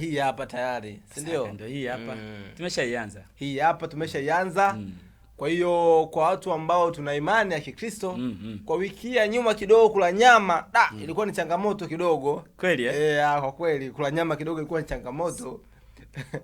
hii hapa tayari, si ndio? Ndio hii hapa mm. tumeshaianza hii hapa tumeshaianza mm. Kwa hiyo kwa watu ambao tuna imani ya Kikristo mm -hmm. kwa wiki ya nyuma kidogo kula nyama da, mm. ilikuwa ni changamoto kidogo kweli eh? E, kwa kweli kula nyama kidogo ilikuwa ni changamoto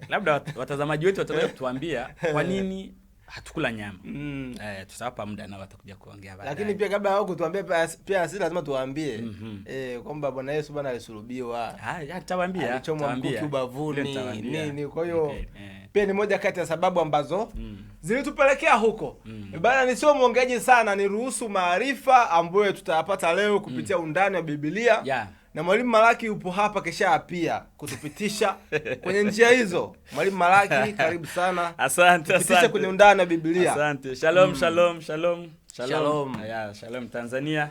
labda watazamaji wetu wataweza kutuambia kwa nini hatukula nyama mm. Eh, tutawapa muda nao watakuja kuongea baadaye, lakini pia kabla hao kutuambia pia sisi lazima tuwaambie mm -hmm. eh, kwamba Bwana Yesu bwana alisulubiwa, ah, nitawaambia alichomwa mkuki ubavuni nini. Kwa hiyo okay. eh. pia ni moja kati ya sababu ambazo mm. zilitupelekea huko mm. Eh, bana, nisio mwongeaji sana, niruhusu maarifa ambayo tutayapata leo kupitia mm. undani wa Biblia yeah na Mwalimu Malaki yupo hapa, kesha pia kutupitisha kwenye njia hizo. Mwalimu Malaki, karibu sana, asante asante, kwenye undani wa Biblia. Asante, shalom, mm. shalom shalom shalom shalom, Aya, shalom Tanzania,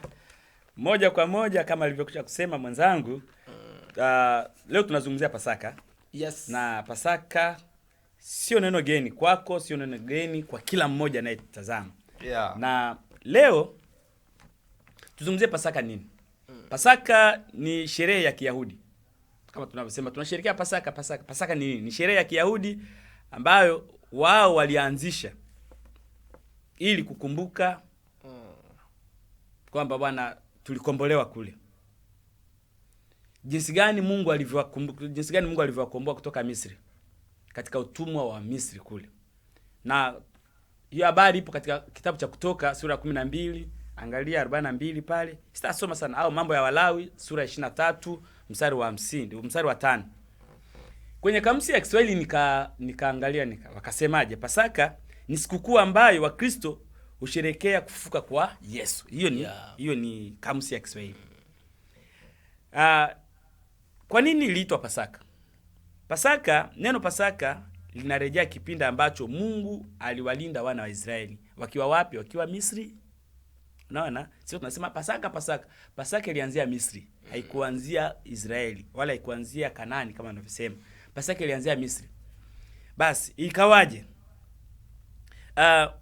moja kwa moja kama alivyokuja kusema mwenzangu mm. uh, leo tunazungumzia Pasaka yes. na Pasaka sio neno geni kwako, sio neno geni kwa kila mmoja anayetazama yeah. na leo tuzungumzie Pasaka nini Pasaka ni sherehe ya Kiyahudi kama tunavyosema, tunasherekea Pasaka. Pasaka, Pasaka ni Ni sherehe ya Kiyahudi ambayo wao walianzisha ili kukumbuka kwamba bwana, tulikombolewa kule, jinsi gani Mungu alivyowakumbuka, jinsi gani Mungu alivyowakomboa kutoka Misri, katika utumwa wa Misri kule, na hiyo habari ipo katika kitabu cha Kutoka sura ya kumi na mbili angalia 42 pale, sitasoma sana au mambo ya Walawi sura ya 23 mstari wa 50 mstari wa 5. Kwenye kamusi ya Kiswahili nika nikaangalia nika, wakasemaje? Pasaka ni sikukuu ambayo Wakristo husherekea kufufuka kwa Yesu. Hiyo ni hiyo yeah. ni kamusi ya Kiswahili. Uh, kwa nini iliitwa Pasaka? Pasaka, neno Pasaka linarejea kipindi ambacho Mungu aliwalinda wana wa Israeli wakiwa wapi? Wakiwa Misri Unaona? Sio tunasema Pasaka Pasaka. Pasaka ilianzia Misri, haikuanzia Israeli wala haikuanzia Kanani kama anavyosema. Pasaka ilianzia Misri. Basi ikawaje? Uh,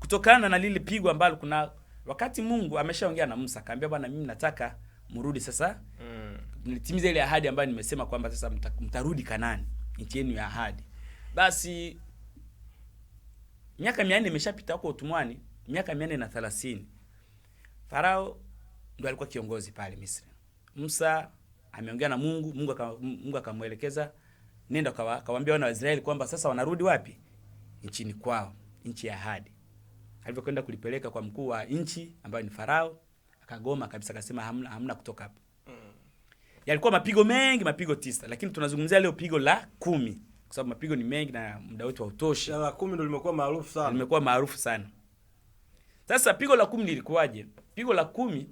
kutokana na lile pigo ambalo kuna wakati Mungu ameshaongea na Musa, akamwambia, Bwana, mimi nataka mrudi sasa. Mm. Nilitimiza ile ahadi ambayo nimesema kwamba sasa mta, mtarudi Kanani, nchi yenu ya ahadi. Basi miaka 400 imeshapita huko utumwani miaka mia nne na thelathini Farao ndo alikuwa kiongozi pale Misri. Musa ameongea na Mungu, Mungu akamwelekeza nenda kawaambia wana wa Israeli kwamba sasa wanarudi wapi? Nchini kwao, nchi ya ahadi. Alivyokwenda kulipeleka kwa mkuu wa nchi ambayo ni Farao, akagoma kabisa, akasema hamna, hamna kutoka hapo. Mm. Yalikuwa mapigo mengi, mapigo tisa, lakini tunazungumzia leo pigo la kumi kwa sababu mapigo ni mengi na muda wetu hautoshi. La kumi ndo limekuwa maarufu sana, limekuwa maarufu sana. Sasa pigo la kumi lilikuwaje? Pigo la kumi,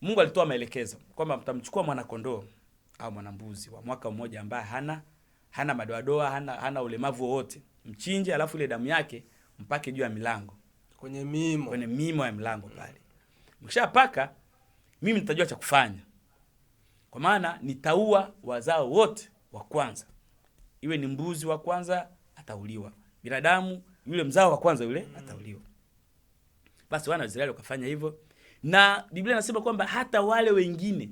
Mungu alitoa maelekezo kwamba mtamchukua mwana kondoo au mwana mbuzi wa mwaka mmoja ambaye hana hana madoadoa, hana hana ulemavu wowote, mchinje, alafu ile damu yake mpake juu ya milango, kwenye mimo, kwenye mimo ya mlango pale. Mkishapaka mimi nitajua cha kufanya, kwa maana nitaua wazao wote wa kwanza, iwe ni mbuzi wa kwanza atauliwa, binadamu yule mzao wa kwanza yule atauliwa. Basi wana wa Israeli wakafanya hivyo, na Biblia inasema kwamba hata wale wengine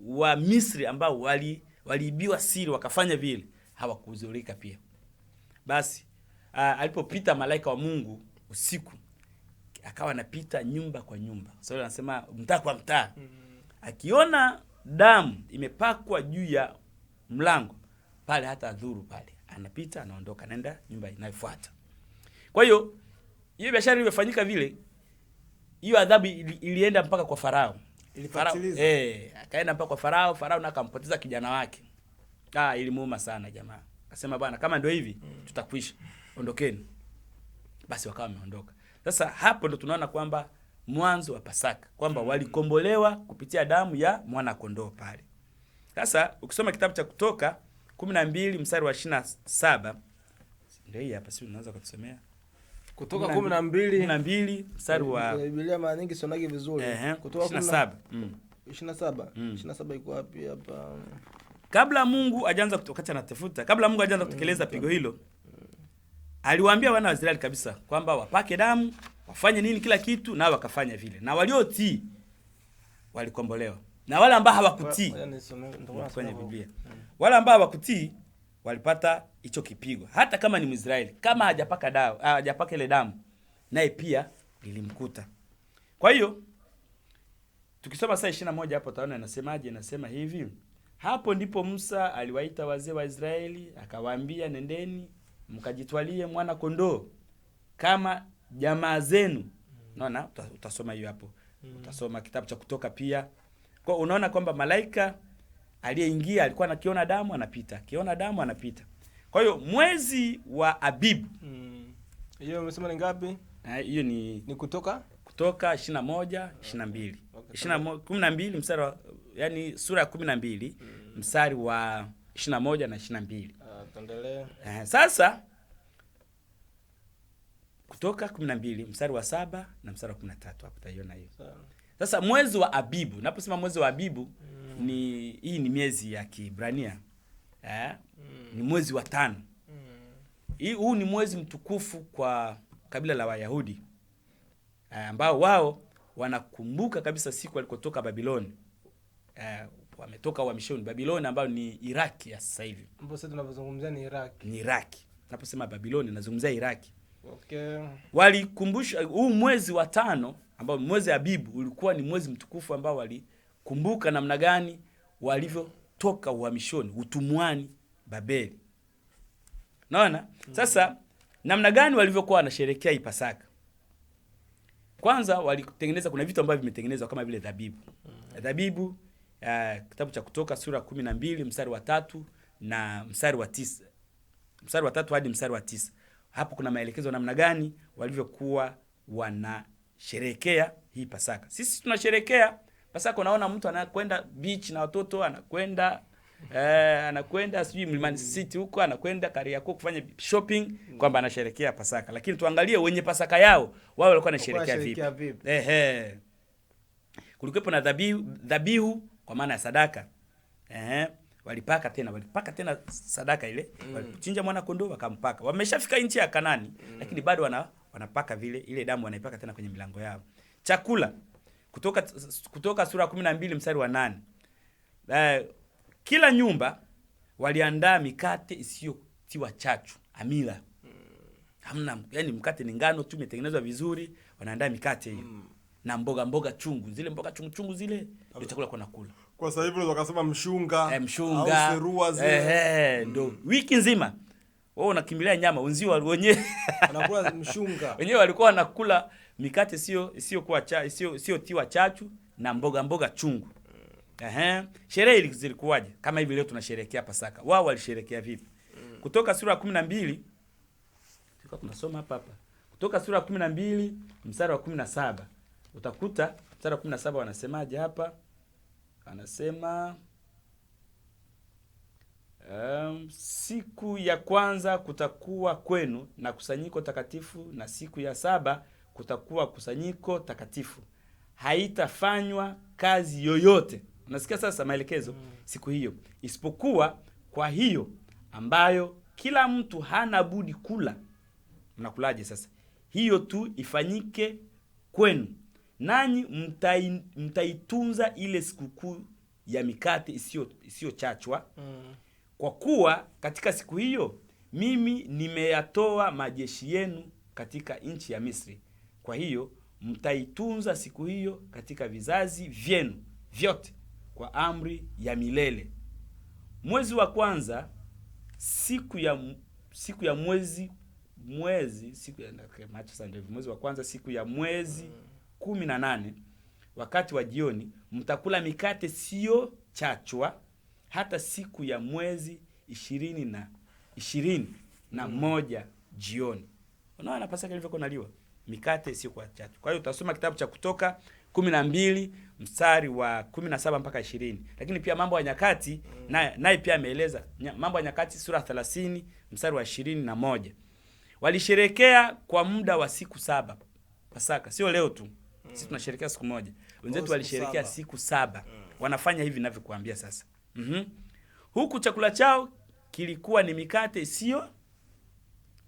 wa Misri ambao wali waliibiwa siri wakafanya vile, hawakuzurika pia. Basi alipopita malaika wa Mungu usiku, akawa anapita nyumba kwa nyumba, so anasema mtaa kwa mtaa, mm-hmm. akiona damu imepakwa juu ya mlango pale, hata dhuru pale anapita anaondoka, anaenda nyumba inayofuata. Kwa hiyo hiyo biashara ilivyofanyika vile hiyo adhabu ilienda ili mpaka kwa Farao. Ilifuatiliza. Eh, akaenda mpaka kwa Farao, Farao na akampoteza kijana wake. Ah, ilimuuma sana jamaa. Akasema bwana, kama ndio hivi mm. tutakwisha. Ondokeni. Basi wakawa wameondoka. Sasa hapo ndo tunaona kwamba mwanzo wa Pasaka kwamba mm. walikombolewa kupitia damu ya mwana kondoo pale. Sasa ukisoma kitabu cha Kutoka 12 mstari wa 27 ndio hii hapa, si unaweza kutusemea kutoka kumi na mbili kumi na mbili mstari wa eh, Biblia mara nyingi sonagi vizuri eh, kutoka ishirini na saba mm. ishirini na saba mm. ishirini na saba iko wapi hapa? Kabla Mungu ajaanza wakati anatafuta, kabla Mungu ajaanza kutekeleza pigo hilo, aliwaambia wana wa Israeli kabisa kwamba wapake damu wafanye nini, kila kitu, nao wakafanya vile, na waliotii walikombolewa, na wale ambao hawakutii, kwenye Biblia, wale ambao hawakutii walipata hicho kipigo, hata kama ni Mwisraeli, kama hajapaka dawa, ah, hajapaka ile damu, naye pia lilimkuta. Kwa hiyo tukisoma saa 21 hapo taona anasemaje, anasema hivi: hapo ndipo Musa aliwaita wazee wa Israeli akawaambia, nendeni mkajitwalie mwana kondoo kama jamaa zenu. Unaona, utasoma hiyo hapo, mm. utasoma kitabu cha Kutoka pia. Kwa unaona kwamba malaika aliyeingia alikuwa anakiona damu anapita, akiona damu anapita. Kwa hiyo mwezi wa Abibu hmm. hiyo mm. umesema ni ngapi? Hiyo ni ni kutoka kutoka 21 22 12 mstari wa yani sura ya 12 mm. mstari wa 21 na 22. Uh, ah, tuendelee. Eh, sasa kutoka 12 mstari wa saba na mstari wa 13 hapo utaiona hiyo. Sasa mwezi wa Abibu, naposema mwezi wa Abibu mm ni hii ni miezi ya Kiibrania eh? mm. ni mwezi wa tano mm. huu ni mwezi mtukufu kwa kabila la Wayahudi eh, ambao wao wanakumbuka kabisa siku walikotoka Babiloni eh, wametoka uhamishoni Babiloni ambayo ni Iraki ya sasa hivi. Ambapo sasa tunavyozungumzia ni Iraki. Ni Iraki. Naposema Babiloni nazungumzia Iraki. Okay. Walikumbusha huu mwezi wa tano ambao mwezi Abibu ulikuwa ni mwezi mtukufu ambao wali Kumbuka namna gani walivyotoka uhamishoni, utumwani Babeli. Naona sasa namna gani walivyokuwa wanasherekea hii Pasaka. Kwanza walitengeneza, kuna vitu ambavyo vimetengenezwa kama vile dhabibu dhabibu. Uh, kitabu cha Kutoka sura kumi na mbili mstari wa tatu na mstari wa tisa mstari wa tatu hadi mstari wa tisa Hapo kuna maelekezo namna gani walivyokuwa wanasherekea hii Pasaka. Sisi tunasherekea sasa kunaona mtu anakwenda beach na watoto anakwenda eh, anakwenda sijui Mlimani mm. City huko anakwenda Kariakoo kufanya shopping kwamba anasherekea Pasaka, lakini tuangalie wenye Pasaka yao wao walikuwa wanasherekea vipi? Ehe, kulikuwepo na dhabihu dhabihu kwa maana ya sadaka ehe walipaka tena walipaka tena sadaka ile mm. Walichinja mwana kondoo wakampaka. Wameshafika nchi ya Kanani mm. Lakini bado wana, wanapaka vile ile damu wanaipaka tena kwenye milango yao. Chakula kutoka, kutoka sura kumi na mbili mstari wa nane. Uh, kila nyumba waliandaa mikate isiyotiwa chachu amila. Mm. Hamna, yani mkate ni ngano tu imetengenezwa vizuri, wanaandaa mikate hiyo. Mm. Na mboga mboga chungu, zile mboga chungu chungu zile ndio chakula kwa nakula. Kwa sababu hivyo unaweza kusema mshunga, e, mshunga au serua zile. Eh, ndio. Mm. Wiki nzima. Wao unakimbilia nyama, wenzio wenyewe. anakula mshunga. Wenyewe walikuwa wanakula mikate sio sio isiyokuwa cha sio sio tiwa chachu na mboga mboga chungu. Ehe, sherehe zilikuwaje? Kama hivi leo tunasherehekea Pasaka, wao walisherehekea vipi? Kutoka sura ya 12 tulikuwa tunasoma hapa hapa. Kutoka sura ya 12 mstari wa 17 utakuta mstari wa 17 wanasemaje hapa? Anasema Um, siku ya kwanza kutakuwa kwenu na kusanyiko takatifu, na siku ya saba kutakuwa kusanyiko takatifu, haitafanywa kazi yoyote. Unasikia sasa maelekezo mm. siku hiyo, isipokuwa kwa hiyo ambayo kila mtu hana budi kula. Mnakulaje sasa? Hiyo tu ifanyike kwenu, nanyi mtai, mtaitunza ile sikukuu ya mikate isiyo isiyochachwa mm. Kwa kuwa katika siku hiyo mimi nimeyatoa majeshi yenu katika nchi ya Misri. Kwa hiyo mtaitunza siku hiyo katika vizazi vyenu vyote kwa amri ya milele. Mwezi wa kwanza siku ya siku ya mwezi mwezi siku ya mwezi wa kwanza siku ya mwezi kumi na nane wakati wa jioni mtakula mikate siyo chachwa hata siku ya mwezi ishirini na ishirini na moja jioni. Unaona Pasaka ilivyokuwa mikate isiyo kwa chachu. Kwa hiyo utasoma kitabu cha Kutoka kumi na mbili mstari wa kumi na saba mpaka ishirini lakini pia Mambo ya Nyakati mm. naye na pia ameeleza Mambo ya Nyakati sura thelathini mstari wa ishirini na moja walisherekea kwa muda wa siku saba Pasaka, sio leo tu mm. Sisi tunasherekea siku moja, oh, wenzetu walisherekea siku saba mm. Wanafanya hivi ninavyokuambia sasa mm -hmm. Huku chakula chao kilikuwa ni mikate isiyo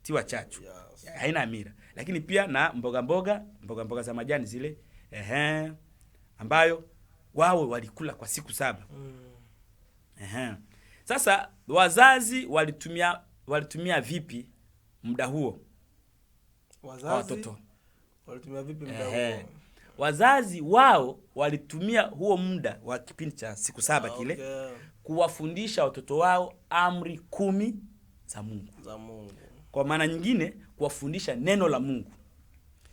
tiwa chachu yeah haina amira, lakini pia na mboga mboga mboga mboga za majani zile ehe, ambayo wao walikula kwa siku saba mm. ehe. Sasa wazazi walitumia walitumia vipi muda huo wazazi, watoto walitumia vipi muda huo? Wazazi wao walitumia huo muda wa kipindi cha siku saba ah, kile okay. kuwafundisha watoto wao amri kumi za Mungu, za Mungu kwa maana nyingine kuwafundisha neno la Mungu.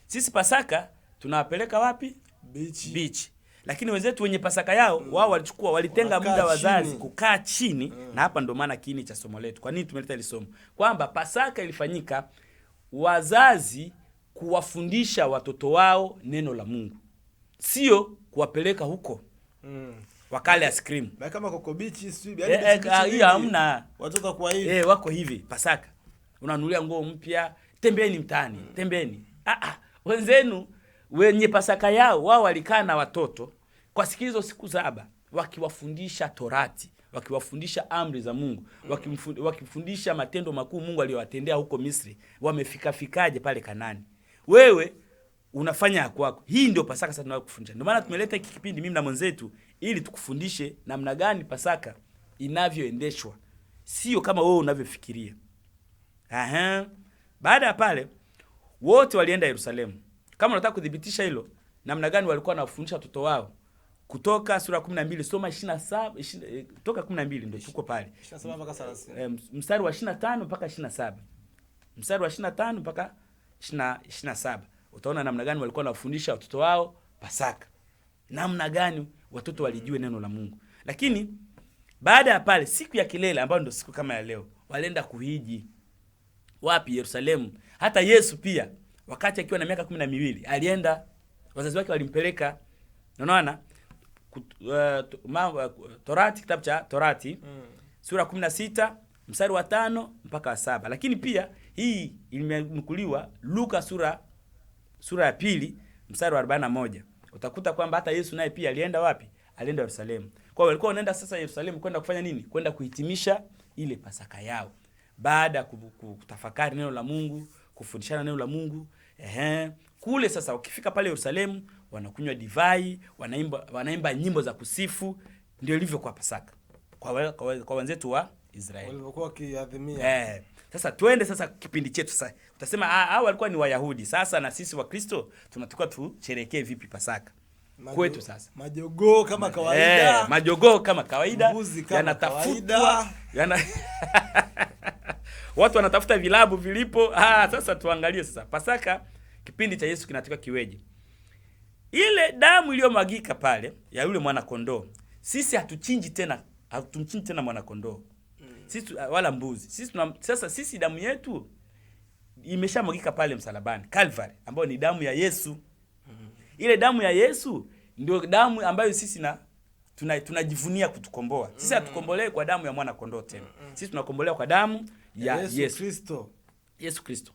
Sisi Pasaka tunawapeleka wapi? Bichi. Bichi. Lakini wenzetu wenye Pasaka yao mm. wao walichukua walitenga muda wazazi kukaa chini mm. na hapa ndo maana kiini cha somo letu. Kwa nini tumeleta hili somo? Kwamba Pasaka ilifanyika wazazi kuwafundisha watoto wao neno la Mungu, sio kuwapeleka huko mm. wakale ice cream. Kama koko bichi sio, yani hiyo hamna. Watoka kwa hivi. Eh, wako hivi Pasaka unanulia nguo mpya, tembeni mtaani, tembeni. Ah ah, wenzenu wenye Pasaka yao wao walikaa na watoto kwa siku hizo siku saba, wakiwafundisha Torati, wakiwafundisha amri za Mungu, wakimfundisha matendo makuu Mungu aliyowatendea huko Misri, wamefikafikaje pale Kanani. Wewe unafanya kwako. Hii ndio Pasaka sasa tunayokufundisha. Ndio maana tumeleta hiki kipindi mimi na mwenzetu ili tukufundishe namna gani Pasaka inavyoendeshwa, sio kama wewe unavyofikiria. Aha. Baada ya pale wote walienda Yerusalemu. Kama unataka kudhibitisha hilo, namna gani walikuwa wanafundisha watoto wao? Kutoka sura 12 soma 27 eh, kutoka 12 ndio tuko pale. 27 mpaka 30. Eh, mstari wa 25 mpaka 27. Mstari wa 25 mpaka 27. Utaona namna gani walikuwa wanafundisha watoto wao Pasaka. Namna gani watoto walijue neno la Mungu. Lakini baada ya pale siku ya kilele ambayo ndio siku kama ya leo, walienda kuhiji. Wapi? Yerusalemu. Hata Yesu pia wakati akiwa na miaka kumi na miwili alienda, wazazi wake walimpeleka, unaona uh, Torati, kitabu cha Torati mm. sura kumi na sita mstari wa tano mpaka wa saba lakini pia hii imenukuliwa Luka sura sura ya pili mstari wa arobaini na moja utakuta kwamba hata Yesu naye pia alienda wapi? Alienda Yerusalemu. Kwa hiyo walikuwa wanaenda sasa Yerusalemu kwenda kufanya nini? Kwenda kuhitimisha ile Pasaka yao baada ya kutafakari neno la Mungu, kufundishana neno la Mungu. Ehe. Kule sasa wakifika pale Yerusalemu wanakunywa divai, wanaimba, wanaimba nyimbo za kusifu. Ndio ilivyo kwa Pasaka kwa, kwa, kwa wenzetu wa Israeli walivyokuwa wakiadhimia. Eh, sasa twende sasa kipindi chetu sasa. Utasema hao walikuwa ni Wayahudi, sasa na sisi Wakristo tunatakiwa tusherekee vipi Pasaka Majo, kwetu sasa? Majogoo kama eh, kawaida, eh, majogoo kama kawaida yanatafutwa yana watu wanatafuta vilabu vilipo. Ah, sasa tuangalie sasa Pasaka kipindi cha Yesu kinatoka kiweje? Ile damu iliyomwagika pale ya yule mwana kondoo, sisi hatuchinji tena, hatumchinji tena mwana kondoo mm. sisi ah, wala mbuzi sisi tuna, sasa sisi damu yetu imeshamwagika pale msalabani Calvary, ambayo ni damu ya Yesu. Mm. Ile damu ya Yesu ndio damu ambayo sisi na tunajivunia tuna kutukomboa sisi. Mm. Hatukombolewi kwa damu ya mwana kondoo tena, sisi tunakombolewa kwa damu ya Yesu, Kristo. Yesu Kristo.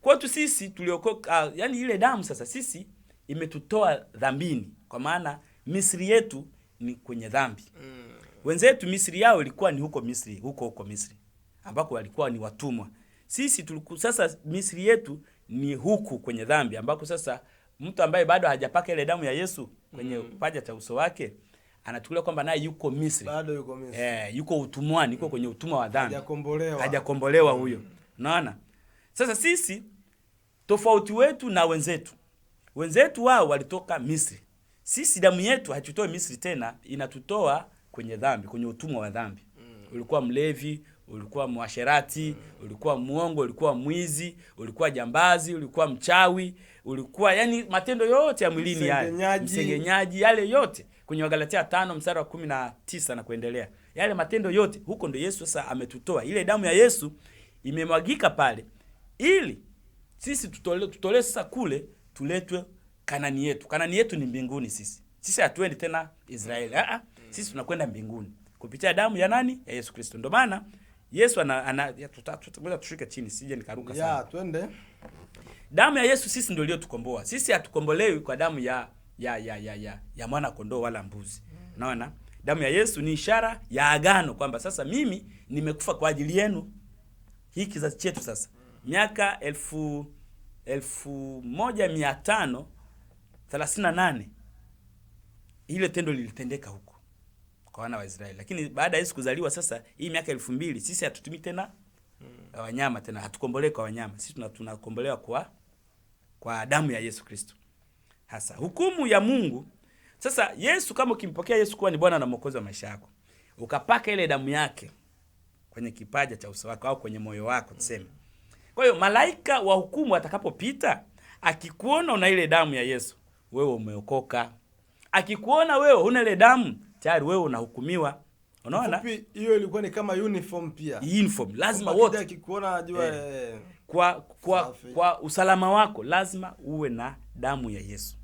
Kwetu sisi tuliokoka, ah, yani ile damu sasa sisi imetutoa dhambini, kwa maana Misri yetu ni kwenye dhambi. Mm. Wenzetu Misri yao ilikuwa ni huko Misri, huko huko Misri ambako walikuwa ni watumwa. Sisi tuliku, sasa Misri yetu ni huku kwenye dhambi ambako sasa mtu ambaye bado hajapaka ile damu ya Yesu kwenye mm. paja cha uso wake anachukulia kwamba naye yuko Misri bado yuko Misri eh, yuko utumwani, yuko kwenye utumwa wa dhambi, hajakombolewa, hajakombolewa huyo. Unaona, sasa sisi tofauti wetu na wenzetu, wenzetu wao walitoka Misri, sisi damu yetu haitutoi Misri tena, inatutoa kwenye dhambi, kwenye utumwa wa dhambi. mm. Ulikuwa mlevi, ulikuwa mwasherati, mm. ulikuwa muongo, ulikuwa mwizi, ulikuwa jambazi, ulikuwa mchawi, ulikuwa yani matendo yote ya mwilini, yale msengenyaji, yale yote kwenye Wagalatia tano mstari wa kumi na tisa na kuendelea. Yale matendo yote huko ndo Yesu sasa ametutoa. Ile damu ya Yesu imemwagika pale ili sisi tutolewe tutole sasa kule tuletwe Kanani yetu. Kanani yetu ni mbinguni sisi. Sisi hatuendi tena Israeli. Ah, ah. Mm. sisi tunakwenda mbinguni kupitia damu ya nani? Ya Yesu Kristo. Ndio maana Yesu ana, ana tutakuja tushike chini sije nikaruka sana. Ya, twende. Damu ya Yesu sisi ndio iliyotukomboa. Sisi hatukombolewi kwa damu ya ya ya ya ya, ya mwana kondoo wala mbuzi. Unaona? Damu ya Yesu ni ishara ya agano kwamba sasa mimi nimekufa kwa ajili yenu. Hii kizazi chetu sasa. Miaka elfu elfu moja mia tano thelathini na nane ile tendo lilitendeka huko kwa wana wa Israeli, lakini baada ya Yesu kuzaliwa sasa, hii miaka elfu mbili sisi hatutumii tena wanyama tena, hatukombolewi kwa wanyama. Sisi tunakombolewa kwa kwa damu ya Yesu Kristo hasa hukumu ya Mungu. Sasa Yesu, kama ukimpokea Yesu kuwa ni Bwana na Mwokozi wa maisha yako, ukapaka ile damu yake kwenye kipaja cha uso wako au kwenye moyo wako tuseme. Kwa hiyo malaika wa hukumu atakapopita, akikuona una ile damu ya Yesu, wewe umeokoka. Akikuona wewe una ile damu, tayari wewe unahukumiwa. Unaona? Hiyo ilikuwa ni kama uniform pia. Uniform lazima wote. Akikuona ajua eh. eh, kwa kwa, kwa usalama wako lazima uwe na damu ya Yesu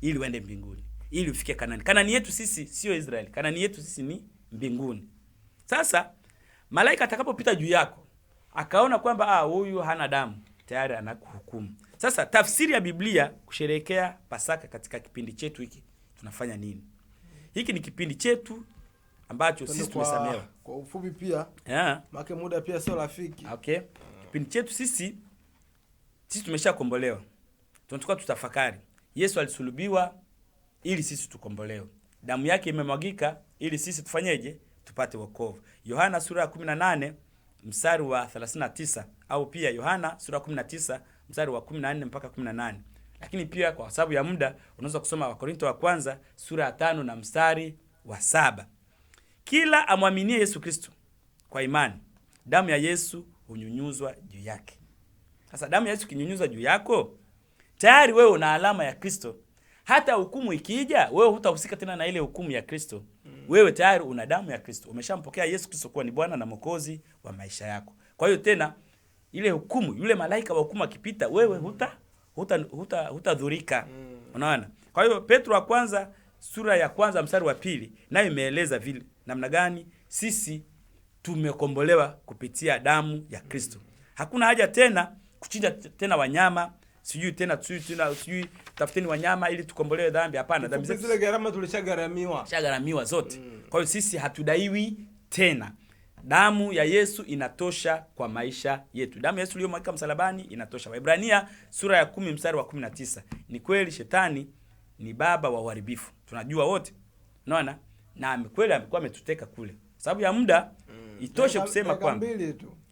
ili uende mbinguni, ili ufike Kanani. Kanani yetu sisi sio Israeli, Kanani yetu sisi ni mbinguni. Sasa malaika atakapopita juu yako akaona kwamba ah, huyu hana damu, tayari anakuhukumu. Sasa tafsiri ya Biblia kusherehekea Pasaka katika kipindi chetu hiki tunafanya nini? Hiki ni kipindi chetu ambacho sisi tumesamehewa. Kwa ufupi pia, yeah. Make muda pia sio rafiki. Okay. Kipindi chetu sisi sisi tumeshakombolewa tunatakiwa tutafakari. Yesu alisulubiwa ili sisi tukombolewe, damu yake imemwagika ili sisi tufanyeje? Tupate wokovu. Yohana sura ya 18 mstari wa 39 au pia Yohana sura ya 19 mstari wa 14 mpaka 18. Lakini pia kwa sababu ya muda unaweza kusoma Wakorinto wa kwanza sura ya tano na mstari wa saba. Kila amwaminie Yesu Kristo kwa imani, damu ya Yesu hunyunyuzwa juu yake. Sasa damu ya Yesu kinyunyuzwa juu yako Tayari wewe una alama ya Kristo. Hata hukumu ikija, wewe hutahusika tena na ile hukumu ya Kristo. Mm. Wewe tayari una damu ya Kristo. Umeshampokea Yesu Kristo kuwa ni Bwana na Mwokozi wa maisha yako. Kwa hiyo tena ile hukumu, yule malaika wa hukumu akipita, wewe mm. huta huta hutadhurika. Huta mm. unaona? Kwa hiyo Petro wa kwanza sura ya kwanza mstari wa pili nayo imeeleza vile namna gani sisi tumekombolewa kupitia damu ya Kristo. Hakuna haja tena kuchinja tena wanyama sijui tena tu tena sijui tafuteni wanyama ili tukombolewe dhambi. Hapana, dhambi zetu zile gharama tulishagharamiwa, shagharamiwa zote mm. Kwa hiyo sisi hatudaiwi tena. Damu ya Yesu inatosha kwa maisha yetu. Damu ya Yesu iliyomwagika msalabani inatosha. Waebrania sura ya kumi mstari wa kumi na tisa. Ni kweli shetani ni baba wa uharibifu. Tunajua wote. Unaona? Na kweli amekuwa ametuteka kule. Sababu ya muda mm. Itoshe kusema kwamba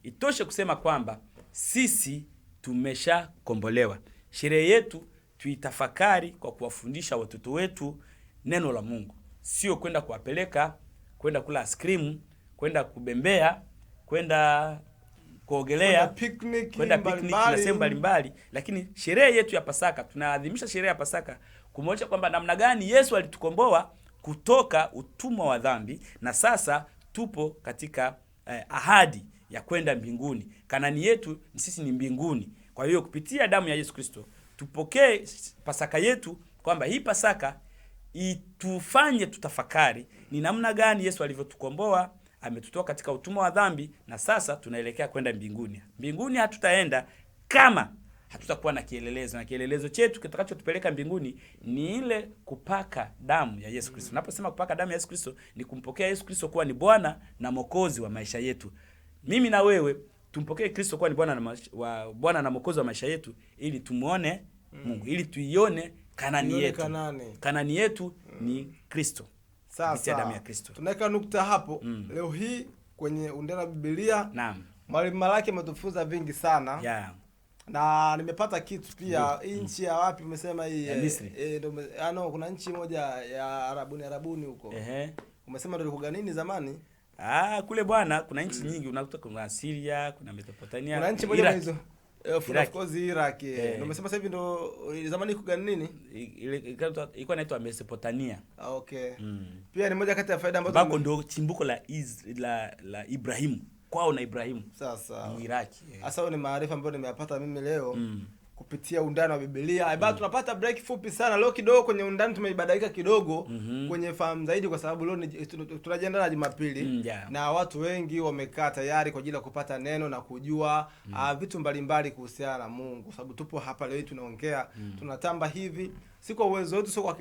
itoshe kusema kwamba sisi tumeshakombolewa. Sherehe yetu tuitafakari kwa kuwafundisha watoto wetu neno la Mungu, sio kwenda kuwapeleka kwenda kula ice cream, kwenda kubembea, kwenda kuogelea, kwenda picnic na sehemu mbalimbali, lakini sherehe yetu ya Pasaka tunaadhimisha sherehe ya Pasaka kumwonyesha kwamba namna gani Yesu alitukomboa kutoka utumwa wa dhambi na sasa tupo katika eh, ahadi ya kwenda mbinguni. Kanani yetu sisi ni mbinguni. Kwa hiyo kupitia damu ya Yesu Kristo tupokee pasaka yetu, kwamba hii pasaka itufanye tutafakari ni namna gani Yesu alivyotukomboa, ametutoa katika utumwa wa dhambi, na sasa tunaelekea kwenda mbinguni. Mbinguni hatutaenda kama hatutakuwa na kielelezo, na kielelezo chetu kitakachotupeleka mbinguni ni ile kupaka damu ya Yesu Kristo. Naposema kupaka damu ya Yesu Kristo ni kumpokea Yesu Kristo kuwa ni Bwana na Mwokozi wa maisha yetu mimi na wewe tumpokee Kristo kuwa ni Bwana na wa Bwana na Mwokozi wa maisha yetu, ili tumuone mm. Mungu, ili tuione Kanani yetu Kanani, Kanani yetu mm. ni Kristo. Sasa ya Kristo tunaweka nukta hapo mm. leo hii kwenye Undani Biblia. Naam, mwalimu Malaki ametufunza vingi sana yeah. na nimepata kitu pia mm. nchi ya wapi umesema hii eh, eh, ano ah, kuna nchi moja ya Arabuni Arabuni huko Ehe. umesema ndio nini zamani Ah, kule bwana kuna nchi mm. nyingi unakuta kuna Syria, kuna Mesopotamia. Kuna nchi moja hizo. Eh, of course Iraq. Eh. Eh. Ndio umesema sasa hivi ndo zamani iko gani nini? Ile ilikuwa inaitwa Mesopotamia. Ah, okay. Mm. Pia ni moja kati ya faida ambazo Bako ndo chimbuko la Iz, la la Ibrahim. Kwao na Ibrahimu. Sasa. Iraq. Sasa ni maarifa ambayo nimeyapata mimi leo. Mm kupitia undani wa bibilia mm. tunapata break fupi sana leo kidogo kwenye undani, tumeibadilika kidogo mm -hmm. kwenye fahamu zaidi, kwa sababu leo tunajiandaa na Jumapili mm, yeah. na watu wengi wamekaa tayari kwa ajili ya kupata neno na kujua mm. uh, vitu mbalimbali kuhusiana na Mungu, kwa sababu tupo hapa leo tunaongea mm. tunatamba hivi, si kwa uwezo wetu, sio kwa